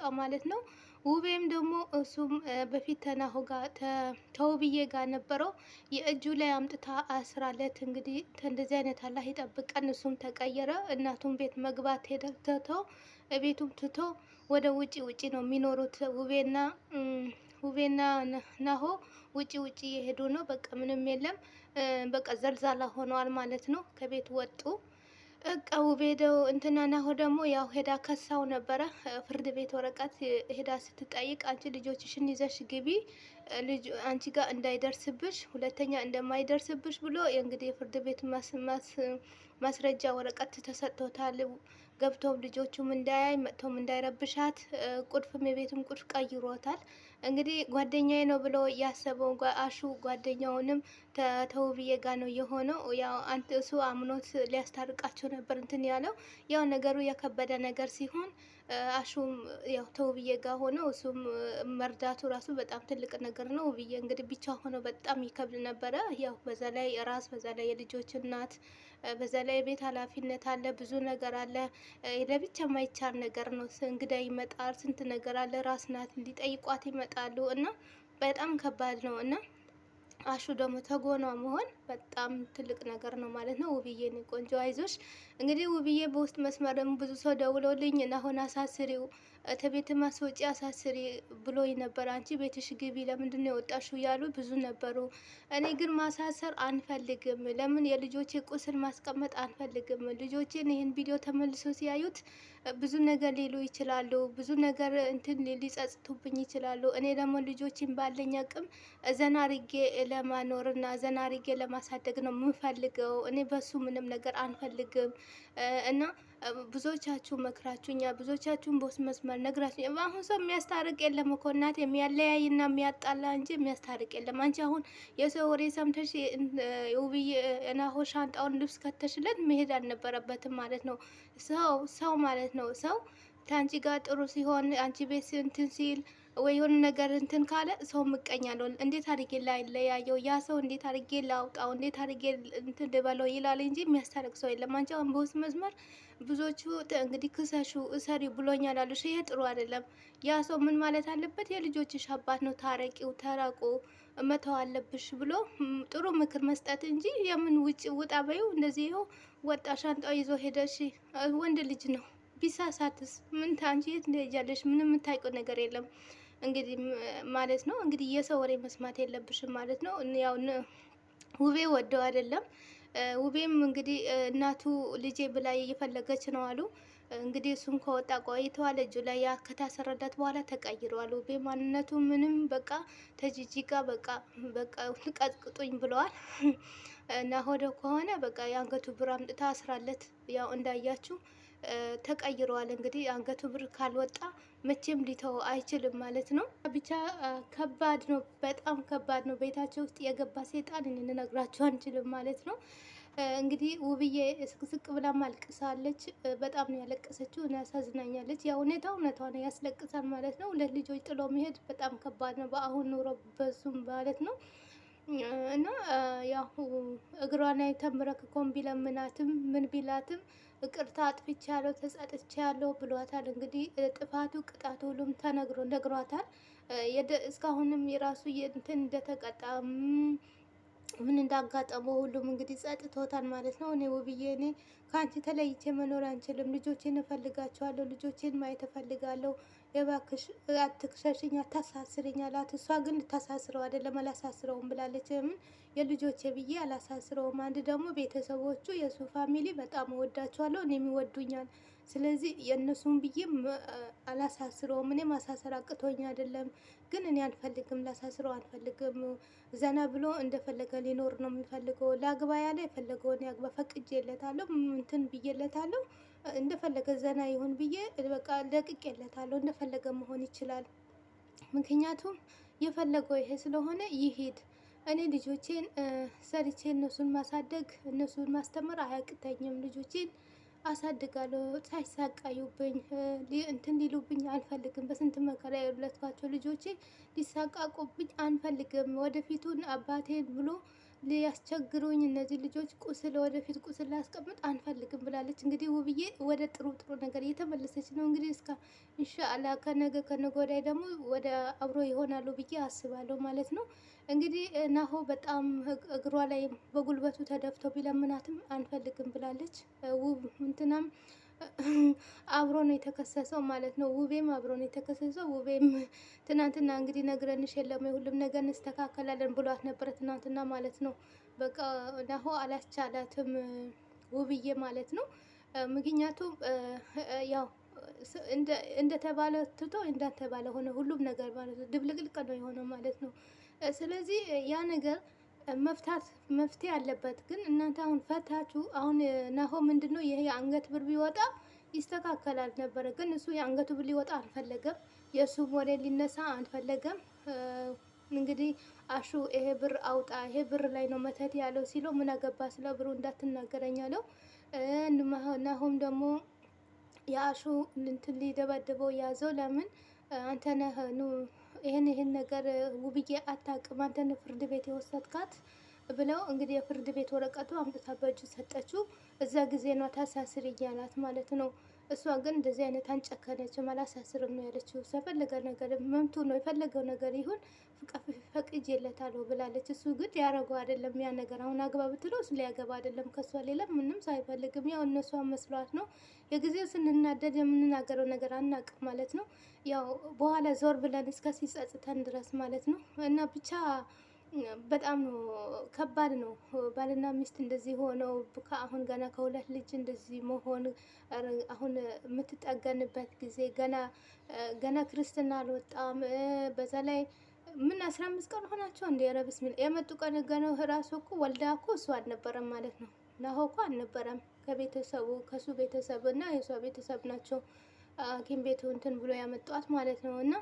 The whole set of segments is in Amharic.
ወጣው ማለት ነው። ውቤም ደግሞ እሱም በፊት ተናሆ ጋር ተውብዬ ጋር ነበረው የእጁ ላይ አምጥታ አስራለት። እንግዲህ እንደዚህ አይነት አላህ ይጠብቀን። እሱም ተቀየረ። እናቱም ቤት መግባት ሄደ ትተው ቤቱም ትቶ ወደ ውጪ ውጪ ነው የሚኖሩት ውቤና ውቤና ናሆ ውጪ ውጪ የሄዱ ነው። በቃ ምንም የለም። በቃ ዘልዛላ ሆነዋል ማለት ነው። ከቤት ወጡ። እቃ ውቤደው እንትና ናሆ ደግሞ ያው ሄዳ ከሳው ነበረ። ፍርድ ቤት ወረቀት ሄዳ ስትጠይቅ አንቺ ልጆችሽን ይዘሽ ግቢ አንቺ ጋር እንዳይደርስብሽ ሁለተኛ እንደማይደርስብሽ ብሎ እንግዲህ የፍርድ ቤት ማስረጃ ወረቀት ተሰጥቶታል። ገብቶም ልጆቹም እንዳያይ መጥቶም እንዳይረብሻት ቁልፍም የቤትም ቁልፍ ቀይሮታል። እንግዲህ ጓደኛዬ ነው ብሎ ያሰበው አሹ ጓደኛውንም ከተውብዬ ጋር ነው የሆነው። ያው አንተ እሱ አምኖት ሊያስታርቃቸው ነበር እንትን ያለው ያው ነገሩ የከበደ ነገር ሲሆን አሹም ያው ተውብዬ ጋር ሆኖ እሱም መርዳቱ ራሱ በጣም ትልቅ ነገር ነው። ውብዬ እንግዲህ ብቻ ሆኖ በጣም ይከብድ ነበረ። ያው በዛ ላይ ራስ፣ በዛ ላይ የልጆች እናት፣ በዛ ላይ የቤት ኃላፊነት አለ፣ ብዙ ነገር አለ። ለብቻ የማይቻል ነገር ነው። እንግዳ ይመጣል፣ ስንት ነገር አለ። ራስ ናት እንዲጠይቋት ይመጣሉ እና በጣም ከባድ ነው እና አሹ ደግሞ ተጎኗ መሆን በጣም ትልቅ ነገር ነው ማለት ነው። ውብዬ እኔ ቆንጆ አይዞሽ። እንግዲህ ውብዬ በውስጥ መስመር ደግሞ ብዙ ሰው ደውሎልኝ እና አሁን አሳስሪው ተቤት ማስወጪ አሳስሪ ብሎ ነበር። አንቺ ቤትሽ ግቢ ለምንድን ነው የወጣሽው? ያሉ ብዙ ነበሩ። እኔ ግን ማሳሰር አንፈልግም። ለምን የልጆቼ ቁስል ማስቀመጥ አንፈልግም። ልጆቼን ይህን ቪዲዮ ተመልሶ ሲያዩት ብዙ ነገር ሊሉ ይችላሉ። ብዙ ነገር እንትን ሊጸጽቱብኝ ይችላሉ። እኔ ደግሞ ልጆችን ባለኝ አቅም ዘና አርጌ ለማኖርና ዘና አርጌ ለማሳደግ ነው የምንፈልገው። እኔ በሱ ምንም ነገር አንፈልግም እና ብዙዎቻችሁ መክራችሁኛ፣ ብዙዎቻችሁን በውስጥ መስመር ነግራችሁ፣ አሁን ሰው የሚያስታርቅ የለም እኮ እናት፣ የሚያለያይና የሚያጣላ እንጂ የሚያስታርቅ የለም። አንቺ አሁን የሰው ወሬ ሰምተሽ ውብዬ ናሆ ሻንጣውን ልብስ ከተሽለት መሄድ አልነበረበትም ማለት ነው። ሰው ሰው ማለት ነው ሰው ከአንቺ ጋር ጥሩ ሲሆን አንቺ ቤት እንትን ሲል ወይ የሆነ ነገር እንትን ካለ ሰው ምቀኛ እንዴት አድርጌ ላይለያየው ያ ሰው እንዴት አድርጌ ላውቃው፣ እንዴት አድርጌ እንትን ልበለው ይላል እንጂ የሚያስታርቅ ሰው የለም። አንቺ አሁን በውስጥ መስመር ብዙዎቹ እንግዲህ ክሰሹ እሰሪ ብሎኛል አሉ። ይሄ ጥሩ አይደለም። ያ ሰው ምን ማለት አለበት? የልጆችሽ አባት ነው፣ ታረቂው፣ ተራቆ መተው አለብሽ ብሎ ጥሩ ምክር መስጠት እንጂ የምን ውጭ ውጣ በይው እንደዚህ ይኸው ወጣ ሻንጣው ይዞ ሄደሽ ወንድ ልጅ ነው ቢሳሳትስ ምን ታንቺ የት እንደሄጃለሽ? ምንም የምታውቂው ነገር የለም። እንግዲህ ማለት ነው። እንግዲህ የሰው ወሬ መስማት የለብሽም ማለት ነው። ያው ውቤ ወደው አይደለም ውቤም እንግዲህ እናቱ ልጄ ብላ እየፈለገች ነው አሉ። እንግዲህ እሱም ከወጣ ቆይተዋል። እጁ ላይ ያ ከታሰረዳት በኋላ ተቀይረዋል። ውቤ ማንነቱ ምንም በቃ ተጂጂጋ በቃ በቃ ቀጥቅጡኝ ብለዋል። እና ሆደ ከሆነ በቃ የአንገቱ ብር አምጥታ አስራለት ያው እንዳያችሁ ተቀይረዋል። እንግዲህ አንገቱ ብር ካልወጣ መቼም ሊተው አይችልም ማለት ነው። ብቻ ከባድ ነው፣ በጣም ከባድ ነው። ቤታቸው ውስጥ የገባ ሴጣን ልንነግራቸው አንችልም ማለት ነው። እንግዲህ ውብዬ ስቅስቅ ብላ ማልቅሳለች። በጣም ነው ያለቀሰችው እና ያሳዝናኛለች። ያ ሁኔታ እውነቷ ነው፣ ያስለቅሳል ማለት ነው። ሁለት ልጆች ጥሎ መሄድ በጣም ከባድ ነው በአሁን ኑሮ በሱም ማለት ነው። እና ያው እግሯን ላይ ተንበርክኮም ቢለምናትም ምን ቢላትም ይቅርታ አጥፍቻለሁ ያለው ብሏታል። እንግዲህ ጥፋቱ ቅጣቱ ሁሉም ተነግሮ ነግሯታል። እስካሁንም የራሱ እንትን እንደተቀጣ ምን እንዳጋጠመው ሁሉም እንግዲህ ጸጥቶታል ማለት ነው። እኔ ውብዬ እኔ ከአንቺ ተለይቼ መኖር አንችልም። ልጆቼን እፈልጋቸዋለሁ። ልጆቼን ማየት እፈልጋለሁ። የባክሽ አትክሸሽኝ፣ አታሳስርኝ አላት። እሷ ግን ልታሳስረው አይደለም አላሳስረውም ብላለች። ምን የልጆቼ ብዬ አላሳስረውም። አንድ ደግሞ ቤተሰቦቹ የእሱ ፋሚሊ በጣም እወዳቸዋለሁ፣ እኔም ይወዱኛል ስለዚህ የእነሱን ብዬ አላሳስረውም። እኔ ማሳሰር አቅቶኝ አይደለም፣ ግን እኔ አልፈልግም፣ ላሳስረው አልፈልግም። ዘና ብሎ እንደፈለገ ሊኖር ነው የሚፈልገው። ለአግባ ያለ የፈለገውን ያግባ፣ ፈቅጄለታለሁ፣ እንትን ብዬለታለሁ፣ እንደፈለገ ዘና ይሁን ብዬ በቃ ለቅቄለታለሁ። እንደፈለገ መሆን ይችላል። ምክንያቱም የፈለገው ይሄ ስለሆነ ይሂድ። እኔ ልጆቼን ሰርቼ እነሱን ማሳደግ እነሱን ማስተማር አያቅተኝም ልጆቼን አሳድጋለሁ ሳይሳቃዩብኝ እንትን ሊሉብኝ አልፈልግም። በስንት መከራ የወለድኳቸው ልጆቼ ሊሳቃቁብኝ አንፈልግም። ወደፊቱን አባቴን ብሎ ሊያስቸግሩኝ እነዚህ ልጆች ቁስል ወደፊት ቁስል ላያስቀምጥ አንፈልግም ብላለች። እንግዲህ ውብዬ ወደ ጥሩ ጥሩ ነገር እየተመለሰች ነው። እንግዲህ እስከ እንሻአላ ከነገ ከነገ ወዲያ ደግሞ ወደ አብሮ ይሆናሉ ብዬ አስባለሁ ማለት ነው። እንግዲህ ናሆ በጣም እግሯ ላይ በጉልበቱ ተደፍቶ ቢለምናትም አንፈልግም ብላለች። ውብ እንትናም አብሮ ነው የተከሰሰው ማለት ነው። ውቤም አብሮ ነው የተከሰሰው። ውቤም ትናንትና እንግዲህ ነግረንሽ የለም ሁሉም ነገር እንስተካከላለን ብሏት ነበረ ትናንትና ማለት ነው። በቃ ናሆ አላስቻላትም ውብዬ ማለት ነው። ምክንያቱም ያው እንደተባለ ትቶ እንዳተባለ ሆነ ሁሉም ነገር ማለት ነው። ድብልቅልቅ ነው የሆነው ማለት ነው። ስለዚህ ያ ነገር መፍታት መፍትሄ አለበት። ግን እናንተ አሁን ፈታችሁ አሁን ናሆ ምንድን ነው ይሄ የአንገት ብር ቢወጣ ይስተካከላል ነበረ። ግን እሱ የአንገቱ ብር ሊወጣ አልፈለገም። የእሱ ሞዴል ሊነሳ አልፈለገም። እንግዲህ አሹ ይሄ ብር አውጣ፣ ይሄ ብር ላይ ነው መተት ያለው ሲለው ምን አገባ ስለ ብሩ እንዳትናገረኝ አለው። ናሆም ደግሞ የአሹ እንትን ሊደበድበው ያዘው። ለምን አንተ ነህ ይህን ይህን ነገር ውብዬ አታውቅም አንተን ፍርድ ቤት የወሰድካት ብለው እንግዲህ የፍርድ ቤት ወረቀቱ አምጥታ በእጁ ሰጠችው። እዛ ጊዜ ነው ታሳስር እያላት ማለት ነው። እሷ ግን እንደዚህ አይነት አንጨከነችም፣ አላሳስርም ነው ያለችው። እሷ የፈለገ ነገር መምቱ ነው የፈለገው ነገር ይሁን ፈቅጄለታለሁ ብላለች። እሱ ግን ያረገው አይደለም ያ ነገር አሁን አግባብት ብትለው እሱ ሊያገባ አይደለም ከእሷ ሌላ ምንም ሳይፈልግም፣ ያው እነሷ መስሏት ነው የጊዜው ስንናደድ የምንናገረው ነገር አናቅ ማለት ነው። ያው በኋላ ዞር ብለን እስከ ሲጸጽተን ድረስ ማለት ነው እና ብቻ በጣም ነው ከባድ ነው። ባልና ሚስት እንደዚህ ሆነው ከአሁን ገና ከሁለት ልጅ እንደዚህ መሆን አሁን የምትጠገንበት ጊዜ ገና ገና ክርስትና አልወጣም። በዛ ላይ ምን አስራ አምስት ቀን ሆናቸው እንደ ረብስ የመጡ ቀን ገና ራሱ እኮ ወልዳ እኮ እሱ አልነበረም ማለት ነው። ናሆ እኮ አልነበረም ከቤተሰቡ ከሱ ቤተሰብ እና የእሷ ቤተሰብ ናቸው ሐኪም ቤቱ እንትን ብሎ ያመጧት ማለት ነው እና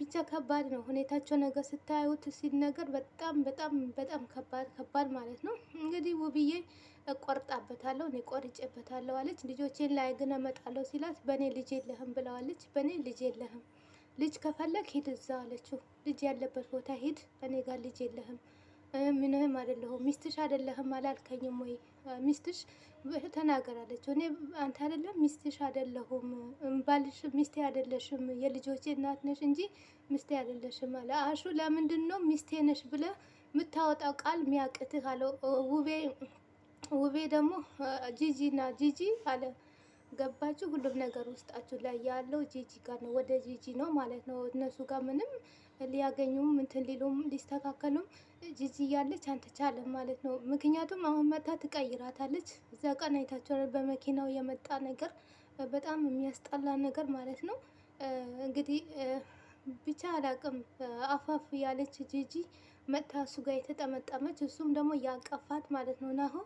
ብቻ ከባድ ነው ሁኔታቸው። ነገር ስታዩት ሲነገር በጣም በጣም በጣም ከባድ ከባድ ማለት ነው። እንግዲህ ውብዬ እቆርጣበታለሁ እኔ ቆርጬበታለሁ አለች። ልጆቼን ላይ ግን እመጣለሁ ሲላት በእኔ ልጅ የለህም ብለዋለች። በእኔ ልጅ የለህም፣ ልጅ ከፈለግ ሂድ እዛ አለችው። ልጅ ያለበት ቦታ ሂድ፣ እኔ ጋር ልጅ የለህም፣ ምንህም አይደለሁም። ሚስትሽ አይደለህም አላልከኝም ወይ? ሚስትሽ ተናገራለች። እኔ አንተ አይደለም ሚስትሽ አይደለሁም ባልሽ ሚስቴ አይደለሽም የልጆቼ እናት ነሽ እንጂ ሚስቴ አይደለሽም አለ። አሹ ለምንድን ነው ሚስቴ ነሽ ብለ የምታወጣው ቃል ሚያቅትህ አለው ውቤ ውቤ ደግሞ ጂጂ ና ጂጂ አለ። ገባችሁ? ሁሉም ነገር ውስጣችሁ ላይ ያለው ጂጂ ጋር ነው። ወደ ጂጂ ነው ማለት ነው። እነሱ ጋር ምንም ሊያገኙም እንትን ሊሉም ሊስተካከሉም ጂጂ እያለች አልተቻለም ማለት ነው። ምክንያቱም አሁን መታ ትቀይራታለች። እዛ ቀን አይታችኋል፣ በመኪናው የመጣ ነገር በጣም የሚያስጠላ ነገር ማለት ነው። እንግዲህ ብቻ አላቅም አፋፍ ያለች ጂጂ መታ እሱ ጋር የተጠመጠመች እሱም ደግሞ ያቀፋት ማለት ነው። ናሆ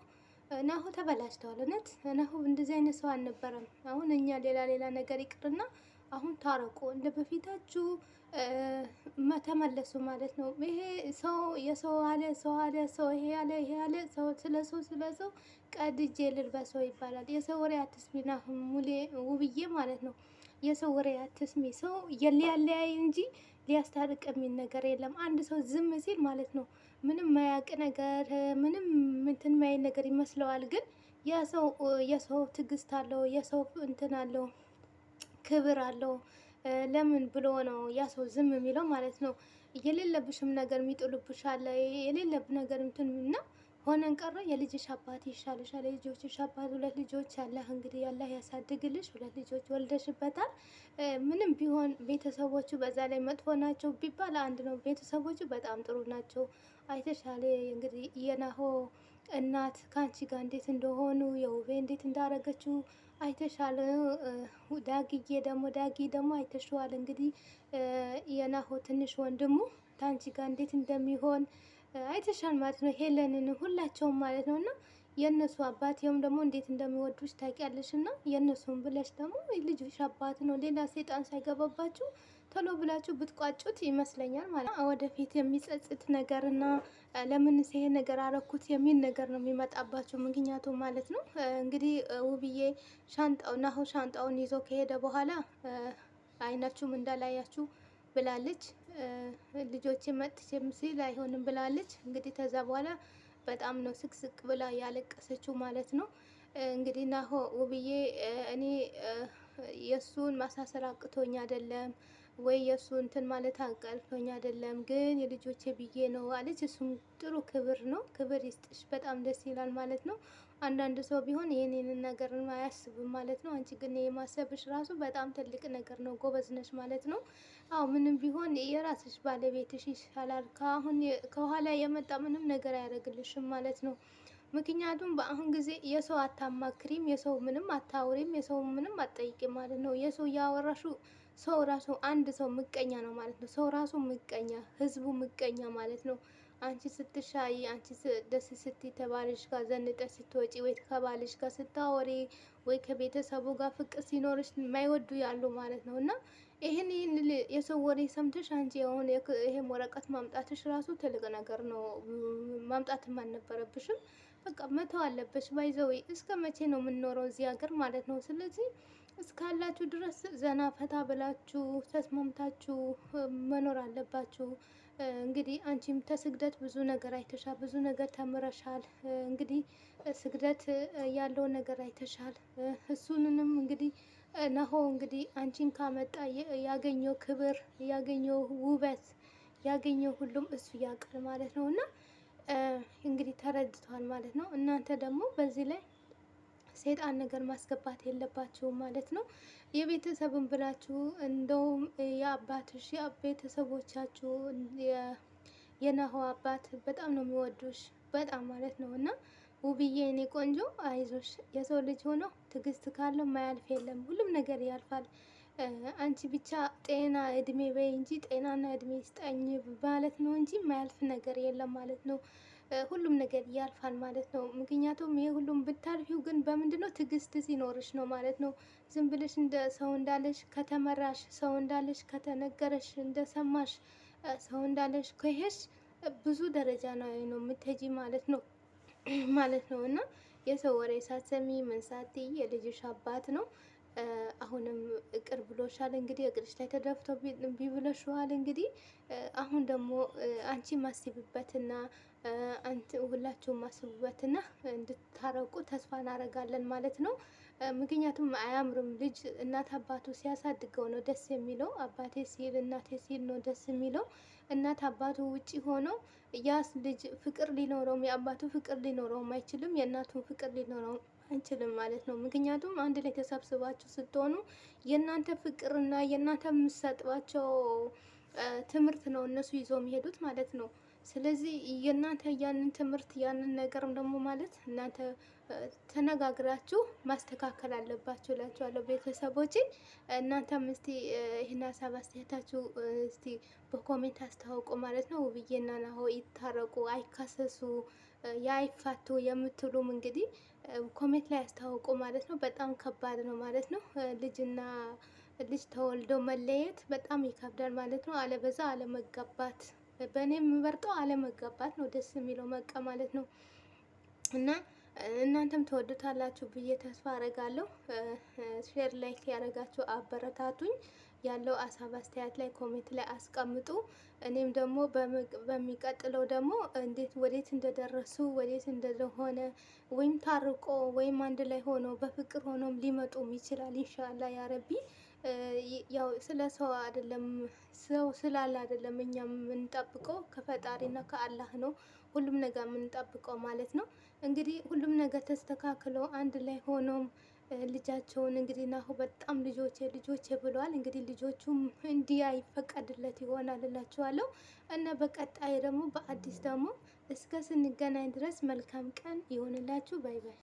ናሆ ተበላሽተዋል። እውነት ናሆ እንደዚህ አይነት ሰው አልነበረም። አሁን እኛ ሌላ ሌላ ነገር ይቅርና አሁን ታረቁ፣ እንደ በፊታችሁ ተመለሱ ማለት ነው። ይሄ ሰው የሰው አለ ሰው አለ ሰው ይሄ አለ ይሄ አለ ሰው ስለ ሰው ስለ ሰው ቀድጄ ልልበሰው ይባላል። የሰው ወሬ አትስሚና ሙሌ ውብዬ ማለት ነው። የሰው ወሬ አትስሚ። ሰው የሊያለያይ እንጂ ሊያስታርቅ የሚል ነገር የለም። አንድ ሰው ዝም ሲል ማለት ነው ምንም ማያቅ ነገር ምንም ምንትን ማይል ነገር ይመስለዋል። ግን የሰው የሰው ትዕግስት አለው የሰው እንትን አለው ክብር አለው። ለምን ብሎ ነው ያ ሰው ዝም የሚለው ማለት ነው። የሌለብሽም ነገር የሚጥሉብሽ አለ የሌለብ ነገር እንትን እና ሆነን ቀረ የልጅሽ አባት ይሻልሻል። የልጆችሽ አባት ሁለት ልጆች ያለህ እንግዲህ ያለህ ያሳድግልሽ። ሁለት ልጆች ወልደሽበታል። ምንም ቢሆን ቤተሰቦቹ በዛ ላይ መጥፎ ናቸው ቢባል አንድ ነው። ቤተሰቦቹ በጣም ጥሩ ናቸው። አይተሻለ እንግዲህ የናሆ እናት ከአንቺ ጋር እንዴት እንደሆኑ የውቤ እንዴት እንዳረገችው አይተሻል። ዳጊዬ ደግሞ ዳጊ ደግሞ አይተሸዋል። እንግዲህ የናሆ ትንሽ ወንድሙ ታንቺ ጋር እንዴት እንደሚሆን አይተሻል ማለት ነው። ሄለንን ሁላቸውም ማለት ነው እና የእነሱ አባት ይኸውም ደግሞ እንዴት እንደሚወዱሽ ታውቂያለሽ። እና የእነሱን ብለሽ ደግሞ ልጅሽ አባት ነው ሌላ ሴጣን ሳይገባባችሁ ቶሎ ብላችሁ ብትቋጩት ይመስለኛል ማለት ነው። ወደፊት የሚጸጽት ነገርና ለምን ይሄ ነገር አረኩት የሚል ነገር ነው የሚመጣባቸው ምክንያቱ ማለት ነው። እንግዲህ ውብዬ ሻንጣው ናሁ ሻንጣውን ይዞ ከሄደ በኋላ አይናችሁም እንዳላያችሁ ብላለች። ልጆች መጥቼም ሲል አይሆንም ብላለች። እንግዲህ ከዛ በኋላ በጣም ነው ስቅስቅ ብላ ያለቀሰችው ማለት ነው። እንግዲህ ናሆ ውብዬ እኔ የእሱን ማሳሰር አቅቶኝ አይደለም ወይ የእሱ እንትን ማለት አንቀልፎኝ አይደለም፣ ግን የልጆቼ ብዬ ነው አለች። እሱም ጥሩ ክብር ነው፣ ክብር ይስጥሽ። በጣም ደስ ይላል ማለት ነው። አንዳንድ ሰው ቢሆን ይህንን ነገር አያስብም ማለት ነው። አንቺ ግን የማሰብሽ ራሱ በጣም ትልቅ ነገር ነው። ጎበዝ ነሽ ማለት ነው። አው ምንም ቢሆን የራስሽ ባለቤትሽ ይሻላል። ከአሁን ከኋላ የመጣ ምንም ነገር አያደርግልሽም ማለት ነው። ምክንያቱም በአሁን ጊዜ የሰው አታማክሪም፣ የሰው ምንም አታውሪም፣ የሰው ምንም አትጠይቂም ማለት ነው። የሰው እያወራሹ ሰው ራሱ አንድ ሰው ምቀኛ ነው ማለት ነው። ሰው ራሱ ምቀኛ፣ ህዝቡ ምቀኛ ማለት ነው። አንቺ ስትሻይ፣ አንቺ ደስ ስት ተባልሽ ጋር ዘንጠ ስትወጪ፣ ወይ ከባልሽ ጋር ስታወሪ፣ ወይ ከቤተሰቡ ጋር ፍቅር ሲኖርሽ የማይወዱ ያሉ ማለት ነው እና ይህን ይህን የሰው ወሬ ሰምተሽ አንቺ አሁን ይሄም ወረቀት ማምጣትሽ ራሱ ትልቅ ነገር ነው። ማምጣትም አልነበረብሽም። በቃ መተው አለበሽ። ባይዘዌ እስከ መቼ ነው የምንኖረው እዚህ ሀገር ማለት ነው። ስለዚህ እስካላችሁ ድረስ ዘና ፈታ ብላችሁ ተስማምታችሁ መኖር አለባችሁ። እንግዲህ አንቺም ተስግደት ብዙ ነገር አይተሻል፣ ብዙ ነገር ተምረሻል። እንግዲህ ስግደት ያለውን ነገር አይተሻል። እሱንንም እንግዲህ ነሆ እንግዲህ አንቺን ካመጣ ያገኘው ክብር ያገኘው ውበት ያገኘው ሁሉም እሱ ያውቃል ማለት ነው እና እንግዲህ ተረድቷል ማለት ነው። እናንተ ደግሞ በዚህ ላይ ሰይጣን ነገር ማስገባት የለባችሁም ማለት ነው። የቤተሰብን ብላችሁ እንደውም የአባትሽ ቤተሰቦቻችሁ የነሆ አባት በጣም ነው የሚወዱሽ በጣም ማለት ነው እና ውብዬ እኔ ቆንጆ አይዞሽ፣ የሰው ልጅ ሆኖ ትዕግስት ካለው ማያልፍ የለም፣ ሁሉም ነገር ያልፋል። አንቺ ብቻ ጤና እድሜ በይ እንጂ ጤናና እድሜ ስጠኝ ማለት ነው እንጂ ማያልፍ ነገር የለም ማለት ነው። ሁሉም ነገር ያልፋል ማለት ነው። ምክንያቱም ይህ ሁሉም ብታልፊው ግን በምንድን ነው ትግስት ሲኖርሽ ነው ማለት ነው። ዝም ብለሽ እንደ ሰው እንዳለሽ ከተመራሽ፣ ሰው እንዳለሽ ከተነገረሽ፣ እንደሰማሽ፣ ሰው እንዳለሽ ከሄሽ ብዙ ደረጃ ነው የምትሄጂ ማለት ነው ማለት ነው እና የሰው ወሬ ሳትሰሚ ምን ሳትይ የልጅሽ አባት ነው። አሁንም እቅር ብሎሻል እንግዲህ እግርሽ ላይ ተደፍቶ ቢብለሽዋል እንግዲህ አሁን ደግሞ አንቺ ማስቢበትና ሁላችሁም አስቡበትና እንድታረቁ ተስፋ እናደርጋለን ማለት ነው። ምክንያቱም አያምርም። ልጅ እናት አባቱ ሲያሳድገው ነው ደስ የሚለው። አባቴ ሲል እናቴ ሲል ነው ደስ የሚለው። እናት አባቱ ውጪ ሆነው ያስ ልጅ ፍቅር ሊኖረውም የአባቱ ፍቅር ሊኖረውም አይችልም። የእናቱን ፍቅር ሊኖረው አንችልም ማለት ነው። ምክንያቱም አንድ ላይ ተሰብስባችሁ ስትሆኑ የእናንተ ፍቅርና የእናንተ የምትሰጧቸው ትምህርት ነው እነሱ ይዞ የሚሄዱት ማለት ነው። ስለዚህ የእናንተ ያንን ትምህርት ያንን ነገርም ደግሞ ማለት እናንተ ተነጋግራችሁ ማስተካከል አለባችሁ እላችኋለሁ። ቤተሰቦች እናንተም እስቲ ይህን ሀሳብ አስተያየታችሁ እስቲ በኮሜንት አስታውቁ ማለት ነው። ውብዬና ናሆ ይታረቁ፣ አይካሰሱ፣ የአይፋቱ የምትሉም እንግዲህ ኮሜንት ላይ አስታውቁ ማለት ነው። በጣም ከባድ ነው ማለት ነው። ልጅና ልጅ ተወልዶ መለየት በጣም ይከብዳል ማለት ነው። አለበዛ አለመጋባት በእኔ የምመርጠው አለመጋባት ነው ደስ የሚለው መቀ ማለት ነው። እና እናንተም ተወዱታላችሁ ብዬ ተስፋ አረጋለሁ። ሼር ላይክ ያደረጋችሁ አበረታቱኝ። ያለው አሳብ አስተያየት ላይ ኮሜንት ላይ አስቀምጡ። እኔም ደግሞ በሚቀጥለው ደግሞ እንዴት ወዴት እንደደረሱ ወዴት እንደሆነ ወይም ታርቆ ወይም አንድ ላይ ሆኖ በፍቅር ሆኖም ሊመጡም ይችላል። ኢንሻአላህ ያረቢ ያው ስለ ሰው አይደለም ሰው ስላለ አይደለም እኛ የምንጠብቀው ከፈጣሪና ከአላህ ነው ሁሉም ነገር የምንጠብቀው ማለት ነው። እንግዲህ ሁሉም ነገር ተስተካክሎ አንድ ላይ ሆኖም ልጃቸውን እንግዲህ ናሁ በጣም ልጆቼ ልጆቼ ብለዋል። እንግዲህ ልጆቹም እንዲህ አይፈቀድለት ይሆናል እላችኋለሁ እና በቀጣይ ደግሞ በአዲስ ደግሞ እስከ ስንገናኝ ድረስ መልካም ቀን ይሆንላችሁ። ባይ ባይ።